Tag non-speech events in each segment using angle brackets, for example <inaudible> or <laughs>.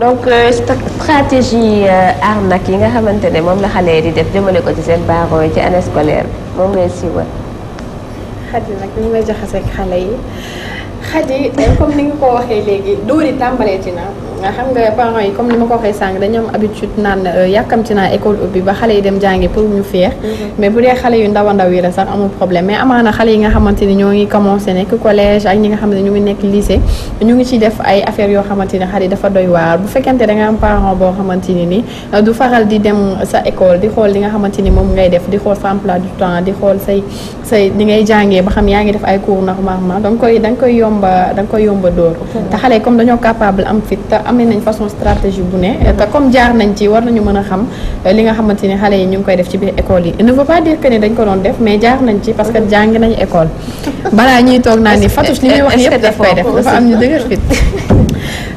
donc euh, stratégie euh, arnaque yi nga xamante ne moom la xale yi di def jëmale ko ci seen parents yi ci année scolaire moom ngay siiwal. xaj yi nag ñu may joxaseeg xale yi xaj yi euh, comme ni nga ko waxee léegi dóor yi tàmbalee ci xam nga parents yi comme ni ma ko waxee sànq dañu am habitude naan euh, yàkkamti naa école ubbi ba xale yi dem jàngi pour ñu féex mhm. mais bu dee xale a ndaw yi la sax amul xamante ni ñoo ngi commencé nekk collège ak ñi nga xam ne nekk lycée ñu ngi ciy def ay affaires yoo xamante ni xale dafa doy waar bu fekkente da nga am parent boo xamante ni ni euh, du faral di dem sa école di xool li nga xamante ni moom ngay def di xool sa emploi du temps di xool say say li ngay jàngee ba xam yaa ngi def ay cours normalement danga koy da nga koy yomba da nga koy yomba dóor te xale comme dañoo capable am fit amee nañ façon stratégie bu ne te comme jaar nañ ci war nañu mën a xam euh, li nga xamante ni xale yi ñu ngi koy def ci biir école yi ne veut pas dire que ne dañ ko doon def mais jaar nañ ci parce que mhm. jàng nañ école balaa ñuy toog naa ni Fatouche li muy wax yëpp daf koy def dafa am ñu dëgër fit <laughs>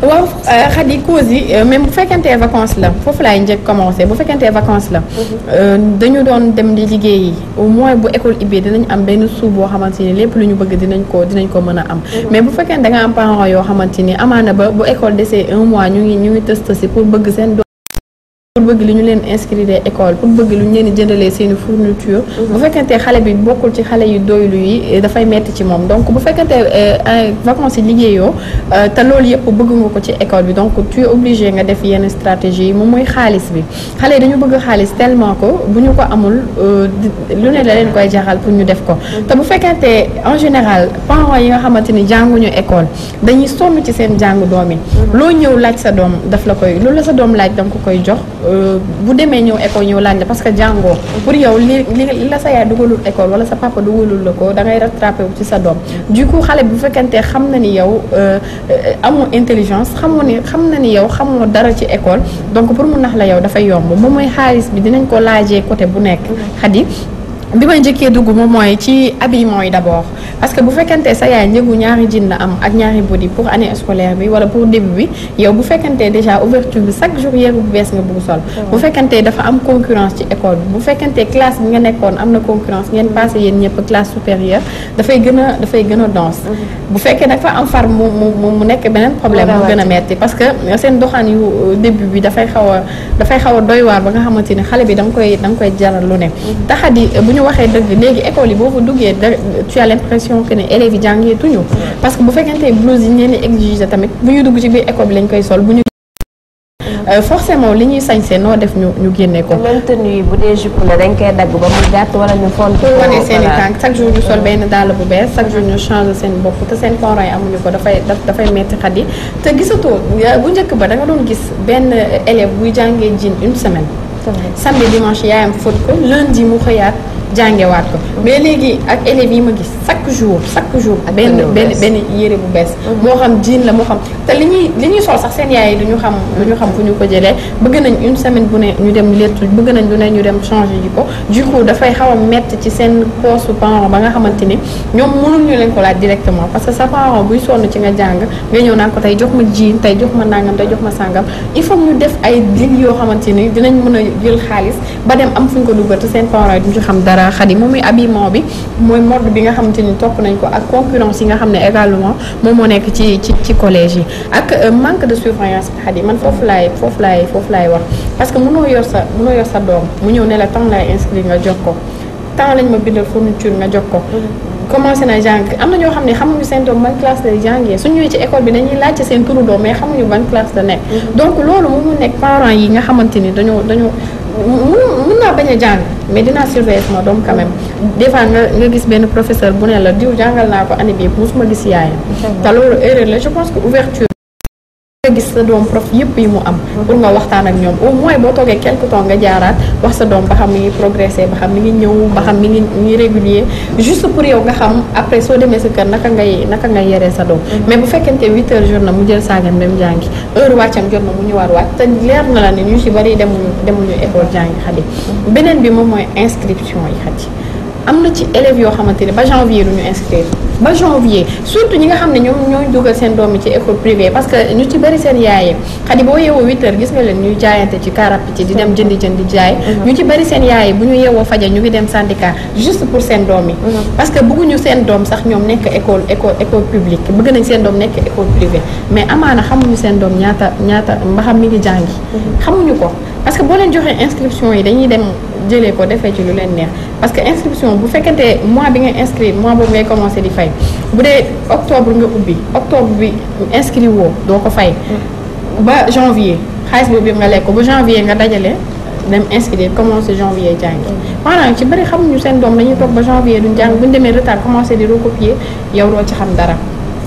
waaw xadi cause yi même bu fekkante vacance la foofu laay njëkk commencé bu fekkentee vacances la mhm. euh, dañu doon dem di liggéey yi au moins bu école ibbee dinañ am benn suuf boo xamante ni lépp lu ñu bëgg dinañ ko dinañ ko mën a am mhm. mais bu fekkee da nga am parents yoo xamante ni amaana ba bu école desee un mois ñu ngi ñu ngi tës tësi pour bëgg seen pour bëgg li ñu leen inscrire école pour bëgg lu ñu leen jëndalee seeni fourniture mhm. bu fekkante xale bi bokkul ci xale yi doylu yi eh, dafay metti ci moom donc bu fekkante eh, vacances yi liggéeyoo euh, te loolu yëpp bëgg ko ci école bi donc tu es nga def yenn stratégie moom mooy xaalis bi xale dañu bëgg xaalis tellement que bu ñu ko amul euh, lu ne la leen koy jaxal pour ñu def ko mhm. te bu fekkante en général parents yi nga xamante ni jànguñu école dañuy sonn ci seen jàngu doom yi mhm. loo ñëw laaj sa doom daf la koy loolu la sa doom laaj danga ko koy jox euh, Euh, bu demee ñëw école ñëw laaj parce que jàngoo pour yow li li la sa yaay dugalul école wala sa papa dugalul la ko da ngay rattrapé wu ci sa doom du coup xale bu fekkantee xam na ni yow euh, amoo intelligence xamoo ni xam na ni yow xamoo dara ci école donc pour mu nax la yow dafay yomb moom mooy xaalis bi dinañ ko laajee côté bu nekk xadi mm-hmm. bi ma njëkkee dugg moom mooy ci habillement yi d'abord parce que bu fekkente sa yaay njëgu ñaari jean la am ak ñaari body pour année scolaire bi wala pour début bi yow bu fekkente déjà ouverture bi chaque jour yéeru bu bees nga bugg sol bu fekkente dafa am concurrence ci école bi bu fekkente classe a dafay a danse mhm. fekkee nag fa am far mu mu mu nekk beneen problème mu gën a metti parce que seen doxaan yu euh, début bi dafay xaw a xaw a doy waar ba nga xamante ni xale bi da nga koy danga koy jaral lu ne mhm. ñu waxee dëgg léegi école yi boo fa duggee tu as l' impression que ne que bu fekkente blouse yi ñeen exigé tamit bu ñu dugg ci biir école bi lañ koy sol bu ñu mm. euh, forcément li ñuy sañsee noo def ñu ñu génne ko même tenue yi bu dee jupe dañ koy dagg ba mu gàtt wala ñu font wane seen i tànk chaque jour ñu sol benn dàll bu bees chaque jour ñu changé seen bopp te seen conroy amuñu ko dafay dafay metti xat yi te gisatoo euh, bu njëkk ba da doon gis benn élève buy jàngee jean une semaine samedi dimanche yaayam fóot ko lundi mu xëyaat jàngewaat ko mais léegi ak élèves yi ma gis chaque jour chaque jour benn benn benn yére bu bees mhm. moo xam jiin la moo xam te li ñuy li ñuy sol sax seen yaay yi duñu xam duñu xam fu ñu ko jëlee bëgg nañ une semaine bu ne ñu dem lettu bëgg nañ lu ne ñu dem changer ji ko du coup dafay a metti ci seen poosu parent ba nga xamante ni ñoom mënul ñu leen ko laaj directement parce que sa parent buy sonn ci nga jàng nga ñëw naan ko tey jox ma jean tey jox ma nangam tey jox ma sàngam il faut ñu def ay dil yoo xamante ni dinañ mën a jël xaalis ba dem am fu ñu ko dugal seen parent yi duñu ci xam dara Khady moom mooy habillement bi mooy mode bi nga xamante ni topp nañ ko ak concurrence yi nga xam ne également moom moo nekk ci ci ci yi ak euh, manque de surveillance bi Khady man foofu laay foofu laay wax parce que mënoo yor sa doom mu ñëw ne la temps laay inscrit nga jox ko temps lañ ma bindal fourniture nga jox ko commencé na jàng am na ñoo xam ne xamuñu seen doom ban classe lay jàngee su ñëwee ci école bi dañuy laajte seen turu doom mais xamuñu ban la mm-hmm. yi nga xamante ni dañoo mën naa bañ a jàng mais dinaa surveiller sama doom quand même nga nga gis benn professeur bu nee la diw jàngal naa ko année bi yëpp mosuma gis yaayam te loolu erreur la je pense que ouverture gis sa doom prof yëpp yi mu am pour nga waxtaan ak ñoom au moins boo toogee quelque temps nga jaaraat wax sa doom ba xam mi ngi progressé ba xam mi ngi ñëw ba xam mi ngi régulier juste pour yow nga xam après soo demee sa kër naka ngay naka ngay yeree sa doom mm-hmm. mais bu fekkente huit heures jour na mu jël saagam dem jàngi heure wàccam jot na mu ñu wàcc te leer na la ne ñu ci bari demuñu demuñu école jàngi xadi mm-hmm. beneen bi moom mooy inscription yi xadi am na ci élèves yoo xamante ne ba janvier du ñu inscrire ba janvier surtout ñi nga xam ne ñoom ñoo dugal seen doom yi ci école privée parce que ñu ci bëri seen yaaye xadi boo yeewoo 8 gis nga leen ñuy jaayante ci car rapide di dem jëndi jëndi jaay mhm. ñu ci bëri seen yaaye bu ñu yeewoo faja ñu ngi dem syndicat juste pour seen doom yi mhm. parce que bëgguñu seen doom sax ñoom nekk école école école publique bëgg nañ seen doom nekk école privée mais amaana xamuñu seen doom ñaata ñaata mba xam mi ngi jàngi mhm. xamuñu ko parce que boo leen joxee inscription yi dañuy dem jëlee ko defee ci lu leen neex parce que inscription bu fekkente mois bi ngay inscrit mois boobu ngay commencé di fay bu dee octobre nga ubbi octobre bi inscrit woo doo ko fay. ba janvier xaalis boobu yëpp nga lekk ko ba janvier nga dajale dem inscrire commencé janvier jàng maanaam ci bëri xamuñu seen doom dañuy toog ba janvier duñ jàng buñ demee retard commencé di recopier yow doo ci xam dar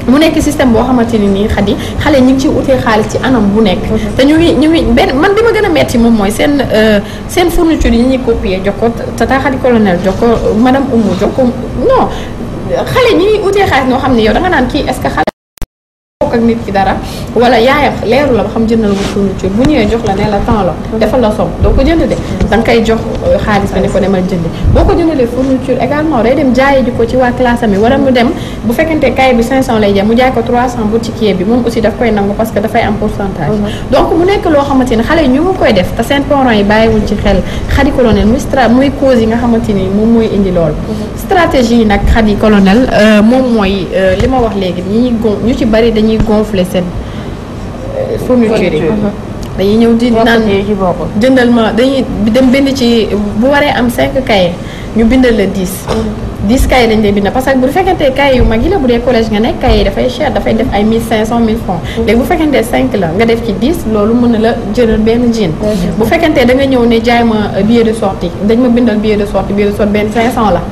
mu nekk système boo xamante ni nii xadi xale ñu ngi ci utee xaalis ci anam bu nekk mm-hmm. te ñu ngi ñu ngi benn man bi ma gën a metti moom mooy seen euh, seen fourniture yi ñuy copier jox ko tata xadi colonel jox ko madame Oumou jox ko non xale ñi ngi utee xaalis noo xam ne yow da nga naan kii est xale ak nit ki dara wala yaayam leeru la da mhm. moom mooy indi loolu mhm. stratégie yi nag xadi colonel euh, moom mooy euh, li ma wax léegi ñi ñu ci bari dañuy gonfler seen euh, fourniture yi dañuy ñëw di naan jëndal ma dañuy dem bind ci bu waree am 5 cahier ñu bindal la 10 10 cahier lañ lay bind parce que bu fekkentee cahier yu mag yi la bu dee collège nga nekk cahier yi dafay cher dafay def ay 1500 1000 francs léegi bu fekkentee 5 la nga def ci 10 loolu mën na la jëndal benn jean bu fekkentee da nga ñëw ne jaay ma euh, billet de sortie dañ ma bindal billet de sortie billet de sortie benn 500 la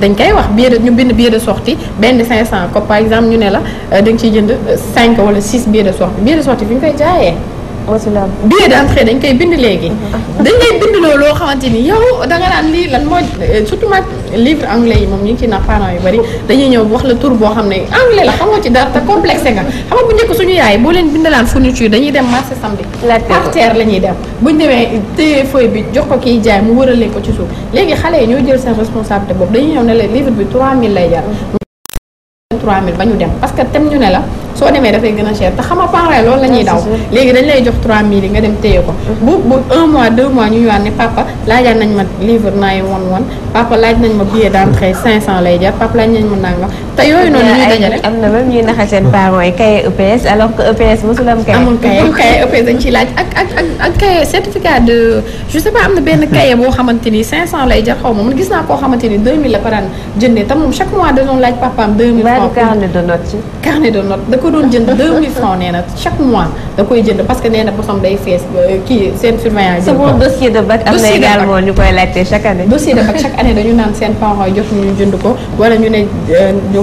dañ koy wax biir ñu bind billet de sortie benn 500 comme par exemple ñu ne la euh, da nga ciy jënd 5 wala 6 billet de sortie billet de sortie ñu koy jaayee. mosula billet d'entrée dañ koy bind léegi. Uh-huh. dañ lay bindloo loo xamante ni yow da nga lii lan moo euh, surtout mag livre anglais yi moom ñu ngi ci na yu bari dañuy ñëw wax la tour boo xam ne anglais la xam nga ci dara te complexé nga xam nga bu njëkk suñu yaay boo leen bindalaan fourniture dañuy dem marché samedi. par terre ñuy dem buñ demee téye feuille bi jox ko kiy jaay mu wërale ko ci suuf léegi xale yi ñoo jël seen responsabilité boobu dañuy ñëw ne la livre bi 3000 3000 parce que tem ñu ne la soo demee dafay gën a cher te xam nga loolu la ah, daw léegi dañ lay jox 3000 yi nga dem téye ko mm-hmm. bu bu mois deux mois ñu ñëwaat ne papa laajal nañ ma livre naa yi won won lay jar papa laaj nañ ma nangam te yooyu noonu ñuy dajale am na même ñuy naxa seen parents yi EPS e alors que EPS mosul am cahier amul cahier EPS e dañ ciy laaj ak ak ak ak certificat de je sais am na benn cahier boo xamante ni 500 lay jar carnet de notes yi. carnet de notes da ko doon jënd 2000 francs nee na chaque mois. da koy jënd parce que nee na bosom day fees euh, kii na également ñu euh,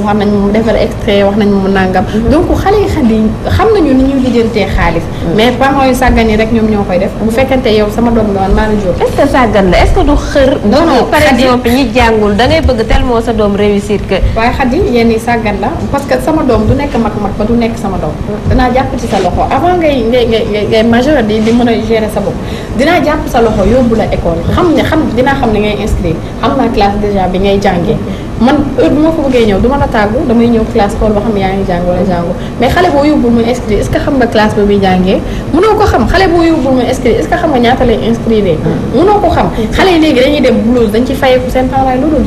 wax nañ mu defar extrait wax nañ mu nangam. Mm-hmm. donc xale yi ñuy lijjantee xaalis. Mm-hmm. mais parents yu sàggan yi rek ñoom ñoo koy def bu mm-hmm. fekkente yow sama doom nga man maa la jur. que sàggan la est-ce que du xër. non non par exemple ñi jàngul da ngay bëgg tellement sa doom réussir que. waaye xadi yenn sàggan la parce que sama doom du nekk mag mag ba du nekk sama doom danaa jàpp ci sa loxo ngay ngay ngay ngay majeur di di a gérer sa bopp dinaa jàpp sa loxo yóbbu la école xam ne xam dinaa xam ni ngay inscrire xam naa classe déjà bi ngay jàngee man heure bu ma ko bëggee ñëw du ma la tàggu damay ñëw classe xool ba xam yaa ngi jàng wala jàngu mais xale boo yóbbul muy inscrire est-ce que xam nga classe ba muy jàngee mënoo ko xam xale boo yóbbul muy inscrire est-ce xam nga ñaata lay inscrire mënoo ko xam xale yi léegi dañuy dem blouse dañ ci fayeeku seen temps waaye loolu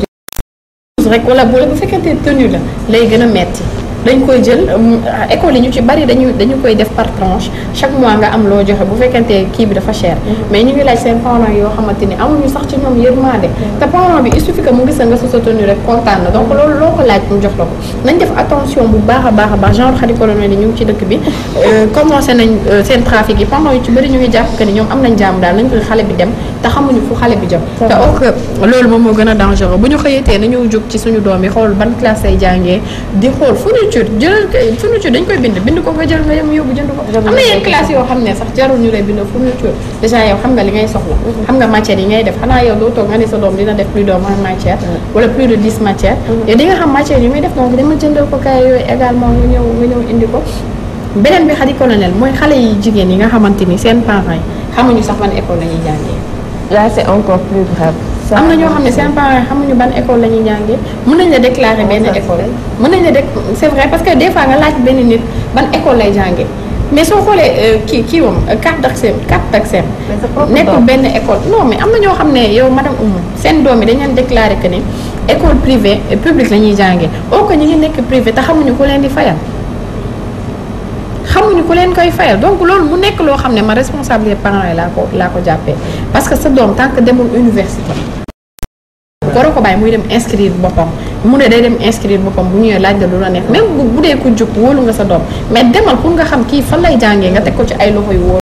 rek wala bu fekkente la lay gën a metti dañ koy jël euh, école yi ñu ci bari dañu dañu koy def par tranche chaque mois nga am loo joxe bu fekkante kii bi dafa cher mm-hmm. mais ñu ngi laaj seen parents yoo xamante ni amuñu sax ci ñoom yërmande mm-hmm. te parent bi il suffit que mu gis nga sa soutenu rek kontaan na donc loolu loo ko laaj mu jox la ko nañ def attention bu baax a baax a baax genre xadi colonel yi ñu ngi ci dëkk bi euh, commencé nañ euh, seen trafic yi parents yu ci bëri ñu ngi jàpp que ni ñoom am nañ jàmm daal nañ xale bi dem te xamuñu fu xale bi jëm te or loolu moom moo gën a dangereux bu ñu xëyatee nañu jóg ci suñu doom yi xool ban classe ay jàngee di xool fourniture jëlal fourniture dañ koy bind bind ko nga jël nga yem yóbbu jënd ko yoo xam ne sax jarul ñu lay bind fourniture déjà yow xam nga li ngay soxla mhm. xam nga yi ngay def xanaa yow doo toog nga ne sa doom dina de vingt matière mhm. wala plus de dix matière et mhm. xam matière yu muy def donc dama jëndal ko kay yooyu également nga ñëw nga ñëw indi ko beneen bi xadi colonel mooy xale yi jigéen yi nga xamante ni seen parents yi xamuñu sax ban école la ñuy jàngee là c'est encore am na ñoo xam ne seen parents xamuñu ban école la ñuy jàngee mën nañ la déclarer benn école mën nañ la dé c'est vrai parce que des fois nga laaj benn nit ban école lay jàngee mais soo xoolee euh, kii kii moom euh, carte d'accès carte d'accès nekkul benn école non mais am na ñoo xam ne yow madame Oumou seen doom yi dañ leen déclarer que ne école privée euh, publique la ñuy jàngee oo ko ñu ngi nekk privé te xamuñu ku leen di fayal amuñu ku leen koy fayal donc loolu mu nekk loo xam ne ma responsabilité parents laa ko laa ko jàppee parce que sa doom tant que demul université waroo ko bàyyi muy dem inscrire boppam mu ne day dem inscrire boppam bu ñëwee laaj la lu la neex même bu dee ko jub wóolu nga sa doom mais demal pour nga xam kii fan lay jàngee nga teg ko ci ay loxo yu wóor